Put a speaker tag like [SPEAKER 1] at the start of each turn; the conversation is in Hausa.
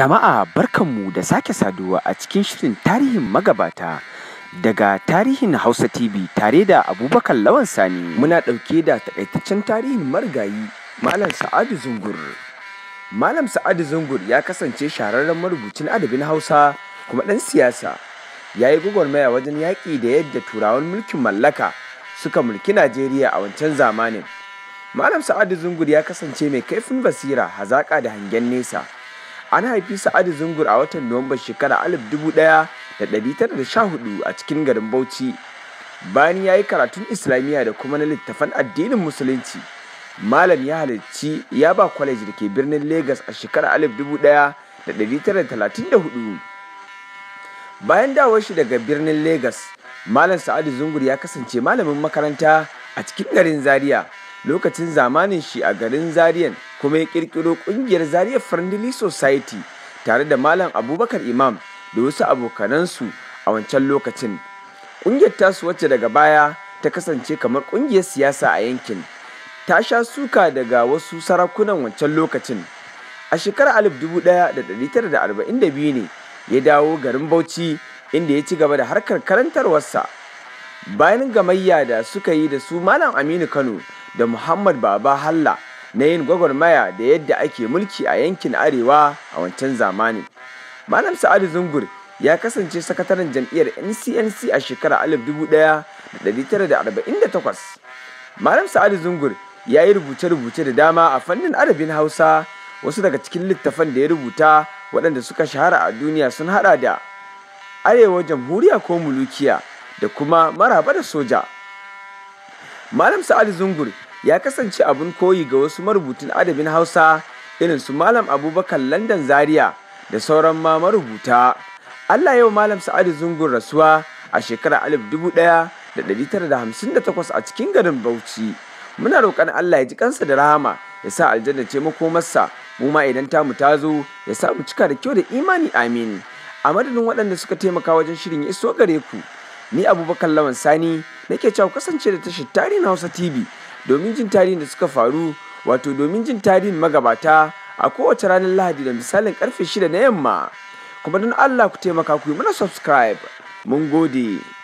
[SPEAKER 1] Jama'a barkanmu da sake saduwa a cikin shirin tarihin magabata daga tarihin Hausa TV tare da Abubakar Lawan Sani. Muna ɗauke da takaitaccen tarihin marigayi Malam Sa'adu Zungur. Malam Sa'adu Zungur ya kasance shahararren marubucin adabin Hausa kuma ɗan siyasa. Ya yi gwagwarmaya wajen yaƙi da yadda turawan mulkin mallaka suka mulki Najeriya a wancan zamanin. Malam Sa'adu Zungur ya kasance mai kaifin basira, hazaƙa da hangen nesa. an haifi sa'adu zungur a watan nuwamba shekara 1914 a cikin garin bauchi bayan ya yi karatun islamiyya da kuma na littafan addinin musulunci malam ya halarci ya ba kwaleji da ke birnin Legas a shekara 1934 bayan dawar shi daga birnin Legas, malam sa'adu zungur ya kasance malamin makaranta a cikin garin zaria lokacin zamanin shi a garin zariyan kuma ya kirkiro kungiyar Zaria Friendly Society tare da Malam Abubakar Imam da wasu abokanansu a wancan lokacin. Kungiyar tasu wacce daga baya ta kasance kamar kungiyar siyasa a yankin. Ta sha suka daga wasu sarakunan wancan lokacin. A shekarar 1942 ne ya dawo garin Bauchi inda ya ci gaba da harkar karantarwarsa. Bayan gamayya da suka yi da su Malam Aminu Kano da Muhammad Baba Halla na yin gwagwarmaya da yadda ake mulki a yankin arewa a wancan zamani malam sa'adu zungur ya kasance sakataren jam'iyyar ncnc a shekarar 1948 malam sa'adu zungur ya yi rubuce-rubuce da dama a fannin arabin hausa wasu daga cikin littafan da ya rubuta waɗanda suka shahara a duniya sun haɗa da arewa jamhuriya ko mulukiya da kuma maraba da soja malam sa'adu zungur ya kasance abin koyi ga wasu marubutan adabin Hausa irin su Malam Abubakar London Zaria da sauran ma marubuta. Allah yau Malam Sa'adu Zungun rasuwa a shekarar 1958 a cikin garin Bauchi. Muna roƙon Allah ya ji kansa da rahama ya sa aljanna ce masa mu ma idan ta mu tazo ya sa mu cika da kyau da imani amin. A madadin waɗanda suka taimaka wajen shirin iso gare ku. Ni Abubakar Lawan Sani nake cewa kasance da tashar Tarihin Hausa TV domin jin tarihin da suka faru wato domin jin tarihin magabata a kowace ranar lahadi da misalin karfe shida na yamma kuma don allah ku taimaka ku yi mana subscribe mun gode